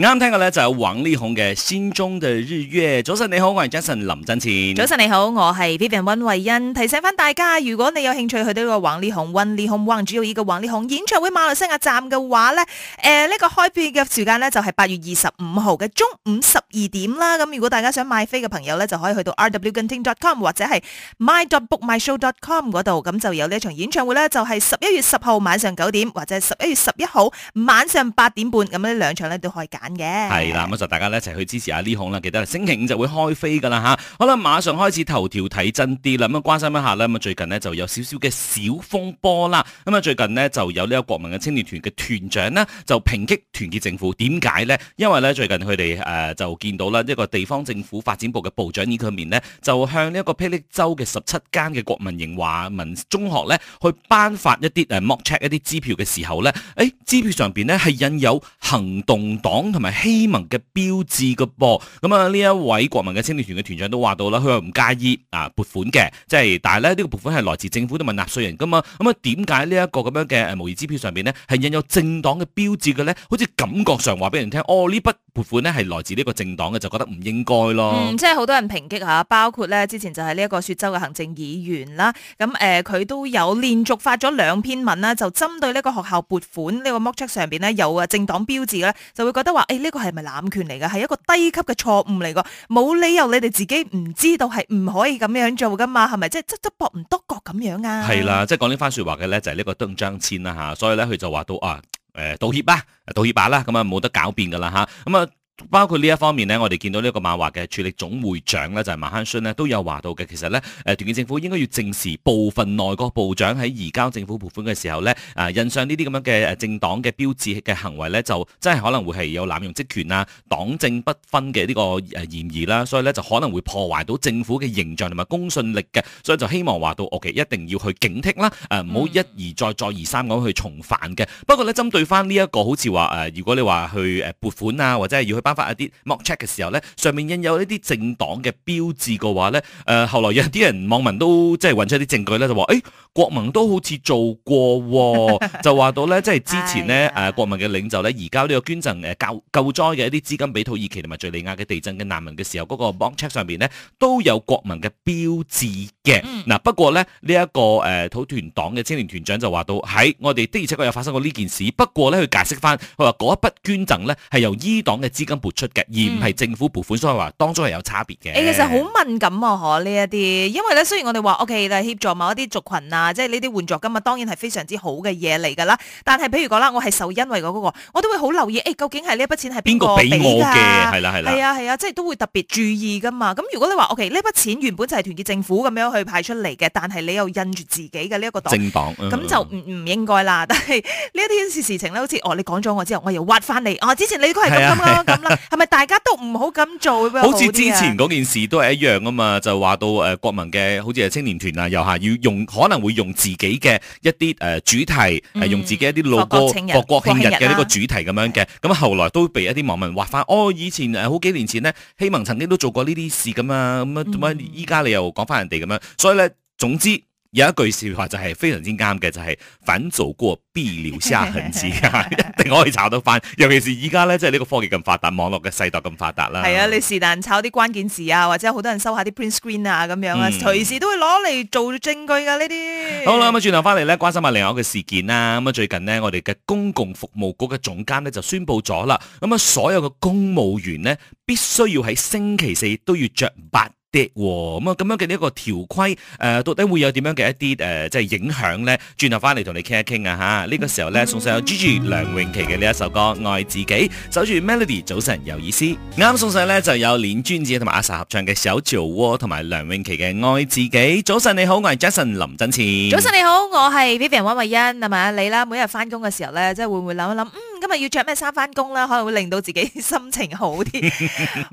啱啱聽嘅咧就係王力宏嘅心中的日月。早晨你好，我係 Jason 林振前。早晨你好，我係 Vivian 溫慧欣。提醒翻大家，如果你有興趣去到呢個王力宏、溫力宏、王主要呢個王力宏演唱會馬來西亞站嘅話咧，誒、呃、呢、這個開票嘅時間咧就係、是、八月二十五號嘅中午十二點啦。咁如果大家想買飛嘅朋友咧，就可以去到 RwGenting.com 或者係 MyBookMyShow.com 嗰度，咁就有呢場演唱會咧就係十一月十號晚上九點，或者係十一月十一號晚上八點半，咁呢兩場咧都可以揀。嘅係啦，咁就 Yeah. 大家一齊去支持一下呢行啦，記得啦，星期五就會開飛噶啦吓，好啦，馬上開始頭條睇真啲啦，咁、嗯、啊關心一下啦，咁、嗯、啊最近呢，就有少少嘅小風波啦，咁、嗯、啊最近呢，就有呢個國民嘅青年團嘅團長呢，就抨擊團結政府，點解呢？因為呢，最近佢哋誒就見到啦呢個地方政府發展部嘅部長呢，佢面呢，就向呢一個霹靂州嘅十七間嘅國民型華文中學呢，去頒發一啲誒莫 check 一啲支票嘅時候呢，誒、哎、支票上邊呢，係印有行動黨。同埋希盟嘅標誌嘅噃，咁啊呢一位國民嘅青年團嘅團長都話到啦，佢話唔介意啊撥款嘅，即係但係咧呢、這個撥款係來自政府同埋納稅人嘅嘛，咁啊點解呢一個咁樣嘅誒模擬支票上邊呢，係印有政黨嘅標誌嘅咧？好似感覺上話俾人聽，哦呢筆撥款呢係來自呢個政黨嘅，就覺得唔應該咯。嗯、即係好多人抨擊嚇，包括呢之前就係呢一個雪州嘅行政議員啦，咁誒佢都有連續發咗兩篇文啦，就針對呢個學校撥款呢、這個模擬支票上邊呢，有誒政黨標誌咧，就會覺得誒，呢個係咪濫權嚟噶？係一個低級嘅錯誤嚟噶，冇理由你哋自己唔知道係唔可以咁樣做噶嘛？係咪即係側側膊唔多覺，咁樣啊？係啦，即係講呢番說話嘅咧，就係呢個登張千啦，吓，所以咧佢就話到啊，誒，道歉啦，道歉罷啦，咁啊冇得狡辯噶啦吓，咁啊。包括呢一方面呢，我哋見到呢個個馬華嘅處理總會長咧，就係、是、馬克信咧，都有話到嘅。其實呢，誒、啊、團結政府應該要正視部分內閣部長喺移交政府撥款嘅時候呢，啊、印上呢啲咁樣嘅政黨嘅標誌嘅行為呢，就真係可能會係有濫用職權啊、黨政不分嘅呢、這個誒、啊、嫌疑啦、啊。所以呢，就可能會破壞到政府嘅形象同埋公信力嘅。所以就希望話到，o、okay, k 一定要去警惕啦，誒唔好一而再、再而三咁去重犯嘅。不過呢，針對翻呢一個好似話、啊、如果你話去撥撥款啊，或者係要去發一啲 mock check 嘅時候咧，上面印有呢啲政黨嘅標誌嘅話咧，誒、呃、後來有啲人網民都即係揾出一啲證據咧，就話誒、欸、國民都好似做過、哦，就話到咧，即係之前咧誒、 哎呀啊、國民嘅領袖咧，移交呢個捐贈誒救、啊、救災嘅一啲資金俾土耳其同埋敍利亞嘅地震嘅難民嘅時候，嗰、那個 mock check 上邊咧都有國民嘅標誌嘅。嗱、嗯啊、不過咧，呢、這、一個誒、啊、土團黨嘅青年團長就話到喺我哋的而且確有發生過呢件事，不過咧佢解釋翻，佢話嗰一筆捐贈咧係由伊黨嘅資金。撥出嘅，而唔係政府撥款，所以話當中係有差別嘅。誒，其實好敏感啊，呢一啲，因為咧，雖然我哋話 O K，就協助某一啲族群啊，即係呢啲援助金嘅嘛，當然係非常之好嘅嘢嚟㗎啦。但係譬如講啦，我係受恩惠嗰個，我都會好留意誒、欸，究竟係呢一筆錢係邊個俾我嘅，係啦係啦係啊係啊，即係都會特別注意㗎嘛。咁如果你話 O K，呢筆錢原本就係團結政府咁樣去派出嚟嘅，但係你又印住自己嘅呢一個政黨，咁、嗯嗯、就唔唔應該啦。但係呢一啲事情咧，好似哦，你講咗我之後，我又挖翻你，哦、啊，之前你都係咁㗎。係咪 大家都唔好咁做？好似之前嗰件事都係一樣啊嘛，就話到、呃、國民嘅好似係青年團啊、又行要用，可能會用自己嘅一啲、呃、主題、呃，用自己一啲老歌、國、國慶日嘅呢個主題咁樣嘅。咁、啊、後來都被一啲網民話翻：哦，以前好、呃、幾年前呢，希盟曾經都做過呢啲事咁啊，咁、嗯、啊，點解依家你又講翻人哋咁樣？所以咧，總之。有一句笑話就係非常之啱嘅，就係、是、反做過必留下痕迹， 一定可以炒到翻。尤其是而家咧，即係呢個科技咁發達，網絡嘅世代咁發達啦。係啊，你是但炒啲關鍵詞啊，或者好多人收下啲 print screen 啊，咁樣啊，隨、嗯、時都會攞嚟做證據噶呢啲。好啦，咁啊，轉頭翻嚟咧，關心下另外一個事件啦。咁啊，最近呢，我哋嘅公共服務局嘅總監咧就宣布咗啦。咁啊，所有嘅公務員呢，必須要喺星期四都要着白跌咁啊！咁樣嘅呢一個條規誒，到底會有點樣嘅一啲誒，即係影響咧？轉頭翻嚟同你傾一傾啊！吓呢個時候咧，送上 Gigi 梁詠琪嘅呢一首歌《愛自己》，守住 Melody 早晨有意思啱。送上咧就有連專子同埋阿 Sa 合唱嘅《小橋窩》，同埋梁詠琪嘅《愛自己》。早晨你好，我係 Jason 林振前。早晨你好，我係 Vivian 溫慧欣，係咪啊？你啦，每日翻工嘅時候咧，即係會唔會諗一諗嗯？因為啊，要着咩衫翻工啦？可能會令到自己心情好啲。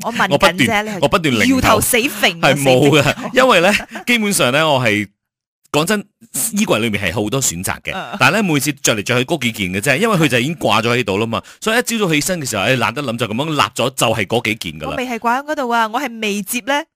我問緊啫，你係我不斷搖頭死揈嘅，冇嘅。因為咧，基本上咧，我係講真，衣櫃裏面係好多選擇嘅。但係咧，每次着嚟着去嗰幾件嘅啫。因為佢就已經掛咗喺度啦嘛。所以一朝早起身嘅時候，誒、哎，懶得諗就咁樣立咗，就係、是、嗰幾件噶啦。我未係掛喺嗰度啊，我係未接咧。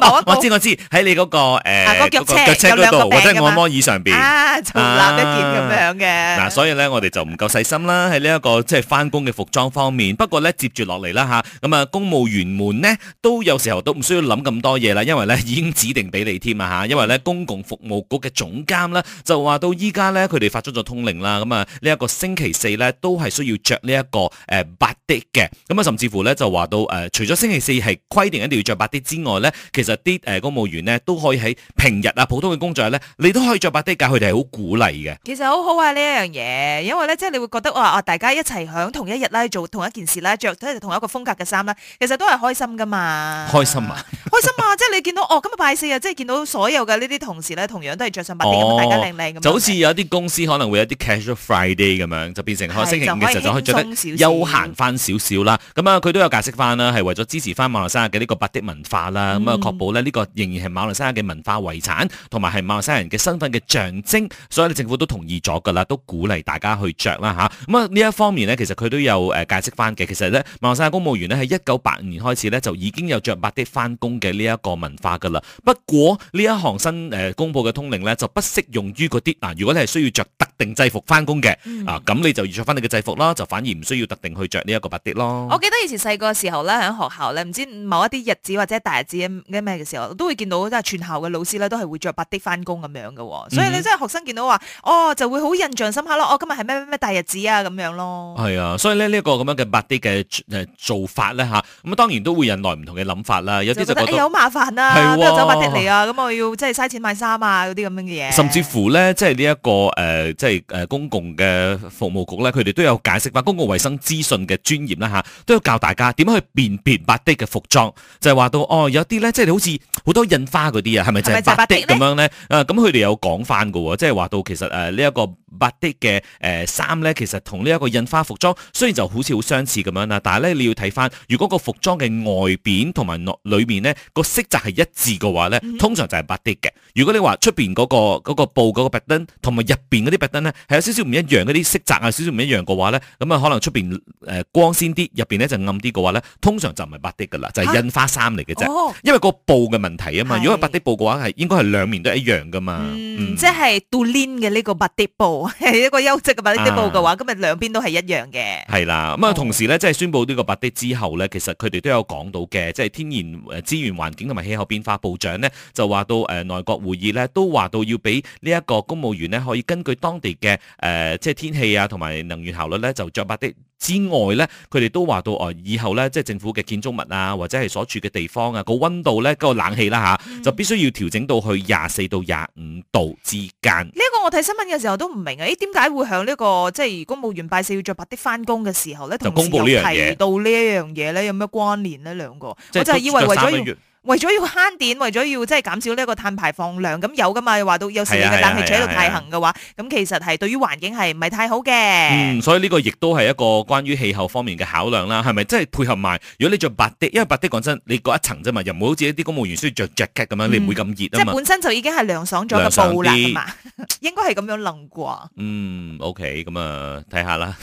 我我知我知喺你嗰個誒腳車腳車嗰度或者按摩椅上邊啊，就攞一件咁樣嘅嗱，所以咧我哋就唔夠細心啦，喺呢一個即係翻工嘅服裝方面。不過咧接住落嚟啦吓，咁啊公務員們咧都有時候都唔需要諗咁多嘢啦，因為咧已經指定俾你添啊吓。因為咧公共服務局嘅總監咧就話到依家咧佢哋發出咗通令啦，咁啊呢一個星期四咧都係需要着呢一個誒八的嘅，咁啊甚至乎咧就話到誒除咗星期四係規定一定要着，白啲之外咧，其實啲誒公務員咧都可以喺平日啊普通嘅工作咧，你都可以著白啲㗎，佢哋係好鼓勵嘅。其實好好啊呢一樣嘢，因為咧即係你會覺得哇啊大家一齊響同一日啦，做同一件事啦，著都係同一個風格嘅衫啦，其實都係開心噶嘛。開心啊！開心啊！即係你見到哦，今日拜四啊，即係見到所有嘅呢啲同事咧，同樣都係著上白啲咁，大家靚靚咁。就好似有啲公司可能會有啲 casual Friday 咁樣，就變成喎星期五嘅時候就可以著得休閒翻少少啦。咁啊，佢都有解釋翻啦，係為咗支持翻馬來西亞嘅呢個白啲。文化啦，咁啊、嗯、確保咧呢個仍然係馬來西亞嘅文化遺產，同埋係馬來西亞人嘅身份嘅象徵，所以政府都同意咗噶啦，都鼓勵大家去著啦吓，咁啊呢一方面呢，其實佢都有解釋翻嘅。其實呢，馬來西亞公務員呢，喺一九八五年開始呢，就已經有著峇迪翻工嘅呢一個文化噶啦。不過呢一項新公佈嘅通令呢，就不適用於嗰啲嗱，如果你係需要著特定制服翻工嘅啊，咁你就要著翻你嘅制服啦，就反而唔需要特定去著呢一個峇迪咯。我記得以前細個時候咧，喺學校咧，唔知某一啲日子，或者大日子咁咩嘅時候，都會見到即係全校嘅老師咧，都係會着白的翻工咁樣嘅，所以你真係學生見到話，哦，就會好印象深刻咯。哦，今日係咩咩咩大日子啊，咁樣咯。係啊，所以咧呢一個咁樣嘅白的嘅誒做法咧吓，咁啊當然都會引來唔同嘅諗法啦。有啲就覺得哎，好麻煩啊，都係着白的嚟啊，咁我要即係嘥錢買衫啊，嗰啲咁樣嘅嘢。甚至乎咧，即係呢一個誒，即係誒公共嘅服務局咧，佢哋都有解釋翻公共衛生資訊嘅專業啦吓，都要教大家點樣去辨別白的嘅服裝就。話到哦，有啲咧，即係好似好多印花嗰啲啊，係咪就係白的咁樣咧？誒、嗯，咁佢哋有講翻㗎喎，即係話到其實誒呢一個。白迪嘅誒衫咧，其實同呢一個印花服裝雖然就好似好相似咁樣啦，但係咧你要睇翻，如果個服裝嘅外邊同埋內裏面咧個色澤係一致嘅話咧，通常就係白迪嘅。如果你話出邊嗰個布嗰個白燈同埋入邊嗰啲白燈咧係有少少唔一樣嗰啲色澤啊，少少唔一樣嘅話咧，咁啊可能出邊誒光鮮啲，入邊咧就暗啲嘅話咧，通常就唔係白迪噶啦，啊、就係印花衫嚟嘅啫。哦、因為個布嘅問題啊嘛，是如果係白迪布嘅話係應該係兩面都係一樣噶嘛。嗯嗯、即係 do lin 嘅呢個白迪布。係一個優質嘅白啲布嘅話，啊、今日兩邊都係一樣嘅的。係啦，咁啊，同時咧，即係宣布呢個白的之後咧，其實佢哋都有講到嘅，即係天然誒資源環境同埋氣候變化部長咧，就話到誒、呃、內閣會議咧，都話到要俾呢一個公務員咧，可以根據當地嘅誒、呃、即係天氣啊，同埋能源效率咧，就着白的。之外咧，佢哋都話到哦，以後咧，即係政府嘅建築物啊，或者係所住嘅地方啊，個溫度咧，嗰、那個冷氣啦、啊、嚇，嗯、就必須要調整到去廿四到廿五度之間。呢一個我睇新聞嘅時候都唔明啊，誒點解會向呢、這個即係、就是、公務員拜四要着白啲翻工嘅時候咧，就公布呢樣嘢，提到呢一樣嘢咧，有咩關聯呢？兩個，是我就係以為為咗。為咗要慳電，為咗要即係減少呢一個碳排放量，咁有噶嘛？話到有時你嘅冷氣坐喺度太恒嘅話，咁其實係對於環境係唔係太好嘅。嗯，所以呢個亦都係一個關於氣候方面嘅考量啦，係咪？即、就、係、是、配合埋。如果你着白的，因為白的講真，你嗰一層啫嘛，又唔會好似一啲公務員需要着夾腳咁樣，你唔會咁熱啊嘛。即係、嗯就是、本身就已經係涼爽咗嘅布啦嘛， 應該係咁樣諗過。嗯，OK，咁、嗯、啊，睇 下啦，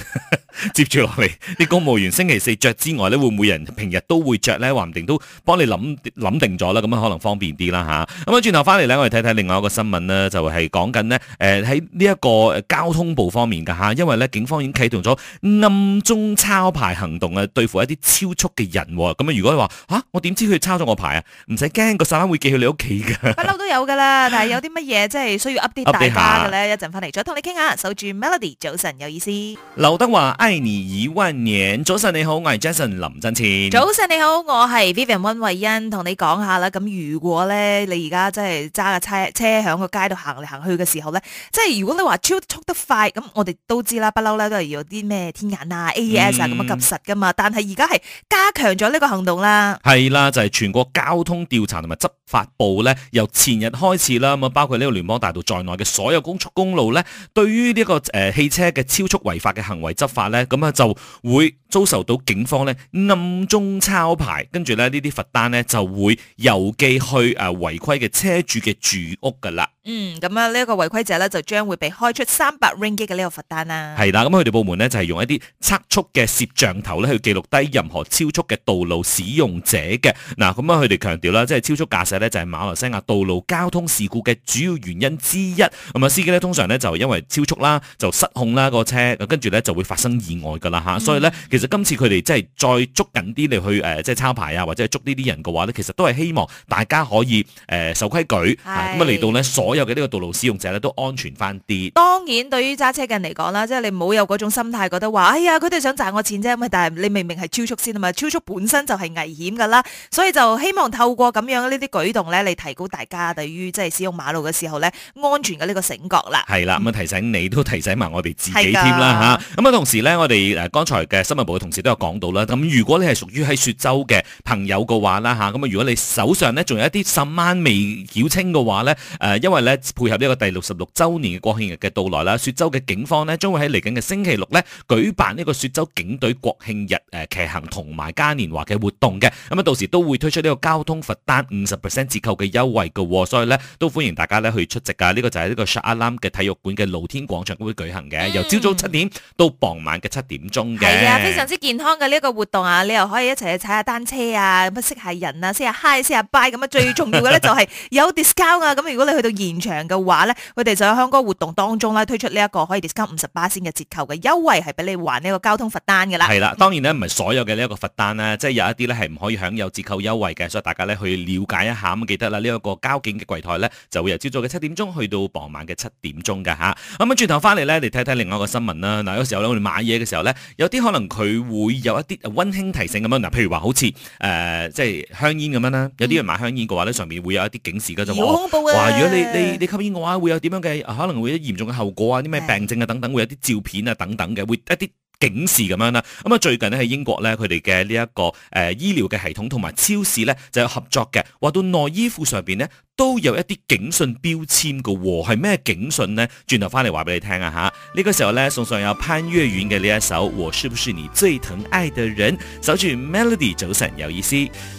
接住落嚟啲公務員星期四着之外咧，你會唔會人平日都會着咧？話唔定都幫你諗。諗定咗啦，咁啊可能方便啲啦吓。咁啊轉頭翻嚟咧，我哋睇睇另外一個新聞咧，就係講緊咧，誒喺呢一個交通部方面噶吓，因為咧警方，已經啟動咗暗中抄牌行動啊，對付一啲超速嘅人。咁啊、嗯、如果你話吓、啊，我點知佢抄咗我牌啊？唔使驚，個手蚊會寄去你屋企噶。不嬲，都有噶啦，但係有啲乜嘢即係需要 update 大家嘅咧，一陣翻嚟再同你傾下。守住 Melody，早晨有意思。劉德華愛你一萬年，早晨你好，我係 Jason 林振前。早晨你好，我係 Vivian 溫慧欣，同你。講下啦，咁如果咧，你而家即係揸架車車響個街度行嚟行去嘅時候咧，即係如果你話超速得快，咁我哋都知啦，不嬲咧，都係有啲咩天眼啊、A E S 啊咁啊，及實噶嘛。但係而家係加強咗呢個行動啦，係啦，就係、是、全國交通調查同埋執法部咧，由前日開始啦，咁啊，包括呢個聯邦大道在內嘅所有高速公路咧，對於呢、這個誒、呃、汽車嘅超速違法嘅行為執法咧，咁啊就會。遭受到警方咧暗中抄牌，跟住咧呢啲罰單咧就會郵寄去誒違規嘅車主嘅住屋噶啦。嗯，咁啊呢一個違規者咧就將會被開出三百 Ringgit 嘅呢個罰單啦。係啦，咁啊佢哋部門咧就係用一啲測速嘅攝像頭咧去記錄低任何超速嘅道路使用者嘅。嗱，咁啊佢哋強調啦，即係超速駕駛咧就係馬來西亞道路交通事故嘅主要原因之一。咁啊司機咧通常咧就因為超速啦就失控啦個車，咁跟住咧就會發生意外噶啦吓。所以咧其實今次佢哋即係再捉緊啲你去誒即係抄牌啊或者係捉呢啲人嘅話咧，其實都係希望大家可以誒守規矩。係咁啊嚟到咧，所有嘅呢個道路使用者咧都安全翻啲。當然，對於揸車嘅人嚟講啦，即係你唔好有嗰種心態，覺得話，哎呀，佢哋想賺我錢啫。咁啊，但係你明明係超速先，啊嘛，超速本身就係危險噶啦。所以就希望透過咁樣呢啲舉動咧，你提高大家對於即係使用馬路嘅時候咧，安全嘅呢個醒覺啦。係啦，咁啊提醒你都提醒埋我哋自己添啦吓。咁啊，同時咧，我哋誒剛才嘅新聞部嘅同事都有講到啦。咁如果你係屬於喺雪州嘅朋友嘅話啦吓，咁啊，如果你手上咧仲有一啲十蚊未繳清嘅話咧，誒，因為配合呢一個第六十六周年嘅國慶日嘅到來啦，雪州嘅警方咧將會喺嚟緊嘅星期六咧舉辦呢個雪州警隊國慶日誒騎、呃、行同埋嘉年華嘅活動嘅，咁、嗯、啊到時都會推出呢個交通罰單五十 percent 折扣嘅優惠嘅，哦，所以呢，都歡迎大家咧去出席啊！呢，這個就係呢個 Shah Alam 嘅體育館嘅露天廣場會舉行嘅，嗯，由朝早七點到傍晚嘅七點鐘嘅，係啊，非常之健康嘅呢個活動啊，你又可以一齊去踩下單車啊，咁啊識下人啊，say 下 hi，say 下 bye 咁啊最重要嘅呢，就係有 discount 啊！咁 如果你去到延現場嘅話咧，佢哋就喺香港活動當中咧推出呢一個可以 discount 五十巴仙嘅折扣嘅優惠，係俾你還呢個交通罰單嘅啦。係啦，嗯，當然咧唔係所有嘅呢一個罰單咧，即係有一啲咧係唔可以享有折扣優惠嘅，所以大家咧去了解一下咁，記得啦，呢一個交警嘅櫃台咧就會由朝早嘅七點鐘去到傍晚嘅七點鐘噶吓。咁啊，轉頭翻嚟咧，嚟睇睇另外一個新聞啦。嗱，有時候咧我哋買嘢嘅時候咧，有啲可能佢會有一啲温馨提醒咁樣。嗱，譬如話好似誒，即係香煙咁樣啦，有啲人買香煙嘅話咧，上面會有一啲警示噶啫。好恐怖啊，哇，如果你你你吸煙嘅話，會有點樣嘅，可能會有嚴重嘅後果啊，啲咩病症啊等等，是的 會有啲照片啊等等嘅，會一啲警示咁樣啦。咁、嗯、啊，最近咧喺英國咧，佢哋嘅呢一個誒、呃、醫療嘅系統同埋超市咧就有合作嘅，話到內衣褲上邊咧，都有一啲警訊標籤嘅、哦，係咩警訊呢？轉頭翻嚟話俾你聽啊吓！呢、這個時候呢，送上有潘越雲嘅呢一首，我是不是你最疼愛的人？守住 Melody 早晨有意思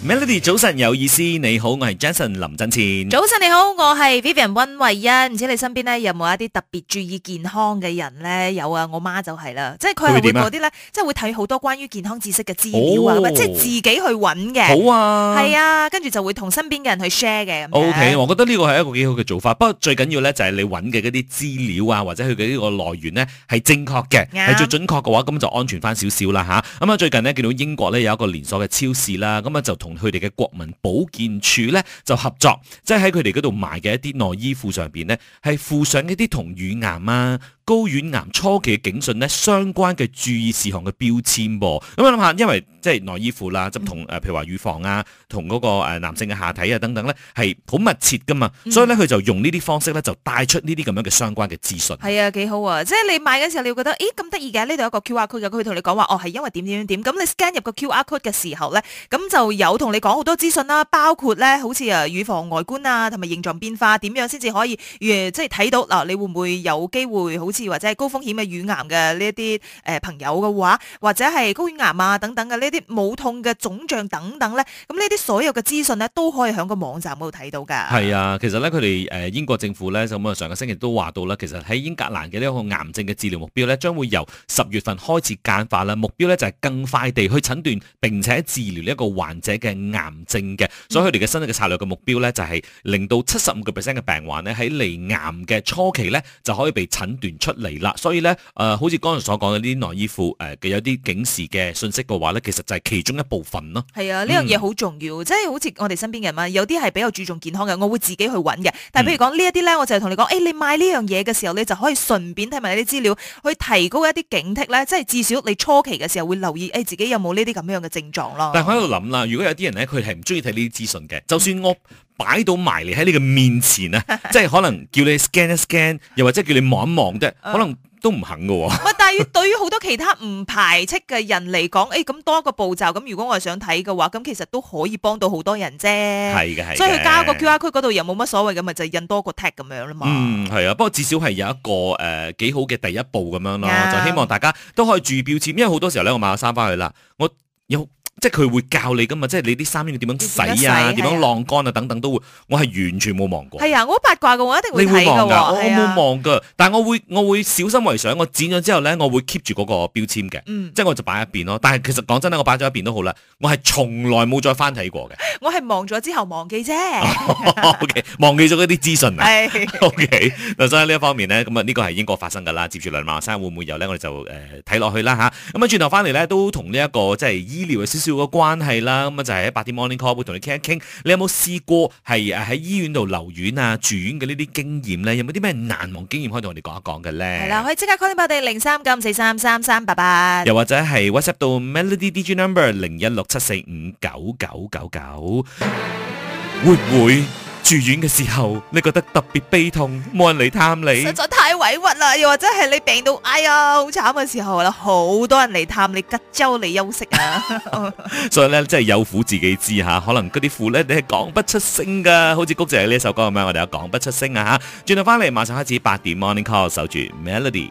，Melody 早晨有意思。你好，我係 Jason 林振前。早晨你好，我係 Vivian 溫慧欣、啊。唔知你身邊呢，有冇一啲特別注意健康嘅人呢？有啊，我媽就係啦，即係佢係會嗰啲呢，啊、即係會睇好多關於健康知識嘅資料啊、哦，即係自己去揾嘅。好啊，係啊，跟住就會同身邊嘅人去 share 嘅。嗯、我覺得呢個係一個幾好嘅做法，不過最緊要呢，就係你揾嘅嗰啲資料啊，或者佢嘅呢個來源呢，係正確嘅，係、嗯、最準確嘅話，咁就安全翻少少啦吓，咁啊、嗯、最近呢，見到英國呢，有一個連鎖嘅超市啦，咁、嗯、啊就同佢哋嘅國民保健署呢，就合作，即係喺佢哋嗰度賣嘅一啲內衣褲上邊呢，係附上一啲同乳癌啊、睾丸癌初期嘅警訊呢，相關嘅注意事項嘅標籤噃。咁我諗下，因為即係內衣褲啦，就同誒譬如話乳房啊，同嗰個男性嘅下體啊等等咧，係好密切噶嘛。嗯、所以咧，佢就用呢啲方式咧，就帶出呢啲咁樣嘅相關嘅資訊。係啊，幾好啊！即係你買嘅時候，你會覺得咦，咁得意嘅，呢度有一個 QR code 嘅，佢同你講話，哦係因為點點點點。咁你 scan 入個 QR code 嘅時候咧，咁就有同你講好多資訊啦，包括咧好似啊乳房外觀啊，同埋形狀變化，點樣先至可以即係睇到嗱，你會唔會有機會好？或者係高風險嘅乳癌嘅呢一啲誒朋友嘅話，或者係高血癌啊等等嘅呢啲冇痛嘅腫脹等等咧，咁呢啲所有嘅資訊呢都可以喺個網站嗰度睇到㗎。係啊，其實咧佢哋誒英國政府咧咁啊上個星期都話到啦，其實喺英格蘭嘅呢一個癌症嘅治療目標咧，將會由十月份開始簡化啦。目標咧就係、是、更快地去診斷並且治療呢一個患者嘅癌症嘅，所以佢哋嘅新嘅策略嘅目標咧就係、是、令到七十五個 percent 嘅病患咧喺嚟癌嘅初期咧就可以被診斷。出嚟啦，所以咧、呃，好似剛才所講嘅啲內衣褲，嘅、呃、有啲警示嘅信息嘅話咧，其實就係其中一部分咯。係啊，呢樣嘢好重要，嗯、即係好似我哋身邊嘅人嘛，有啲係比較注重健康嘅，我會自己去揾嘅。但係譬如講呢一啲咧，我就係同你講，誒、嗯哎，你買呢樣嘢嘅時候你就可以順便睇埋啲資料，去提高一啲警惕咧，即係至少你初期嘅時候會留意，誒、哎，自己有冇呢啲咁樣嘅症狀咯。但係我喺度諗啦，如果有啲人咧，佢係唔中意睇呢啲資訊嘅，就算我擺到埋嚟喺你嘅面前啊， 即係可能叫你 scan 一 scan，又或者叫你望一望啫，呃、可能都唔肯㗎喎。但係對於好多其他唔排斥嘅人嚟講，誒咁、 哎、多個步驟，咁如果我係想睇嘅話，咁其實都可以幫到好多人啫。係嘅，係。所以佢加個 QR 區嗰度又冇乜所謂㗎，咪就印多個 tag 咁樣啦嘛。嗯，係啊，不過至少係有一個誒幾、呃、好嘅第一步咁樣咯，Yeah. 就希望大家都可以注意標籤，因為好多時候咧，我買咗衫翻去啦，我有。即係佢會教你噶嘛，即係你啲衫要點樣洗啊，點樣晾乾啊，啊等等都會，我係完全冇望過。係啊，我好八卦嘅我一定會睇噶、啊。你會啊、我冇望噶，啊、但係我會我會小心為上，我剪咗之後咧，我會 keep 住嗰個標籤嘅，嗯、即係我就擺一邊咯。但係其實講真咧，我擺咗一邊都好啦，我係從來冇再翻睇過嘅。我係忘咗之後忘記啫， 哦、okay, 忘記咗一啲資訊啊。OK 所以呢一方面呢，咁啊呢個係英國發生噶啦。接住梁生會唔會有呢我哋就誒睇落去啦吓。咁啊轉頭翻嚟咧，都同呢一個即係醫療嘅。照個關係啦，咁啊就係喺八點 morning call 會同你傾一傾，你有冇試過係喺醫院度留院啊，住院嘅呢啲經驗咧？有冇啲咩難忘經驗可以同我哋講一講嘅咧？係啦，可以即刻 call 我哋零三九五四三三三八八，又或者係 WhatsApp 到 Melody D G Number 零一六七四五九九九九，會唔會？住院嘅時候，你覺得特別悲痛，冇人嚟探你。實在太委屈啦！又或者係你病到哎呀好慘嘅時候啦，好多人嚟探你，吉州你休息啊。 所以咧，真係有苦自己知吓。可能嗰啲苦咧，你係講不出聲噶。好似谷姐也呢首歌咁樣，我哋有講不出聲啊吓。轉頭翻嚟，馬上開始八點 Morning Call，守住 Melody。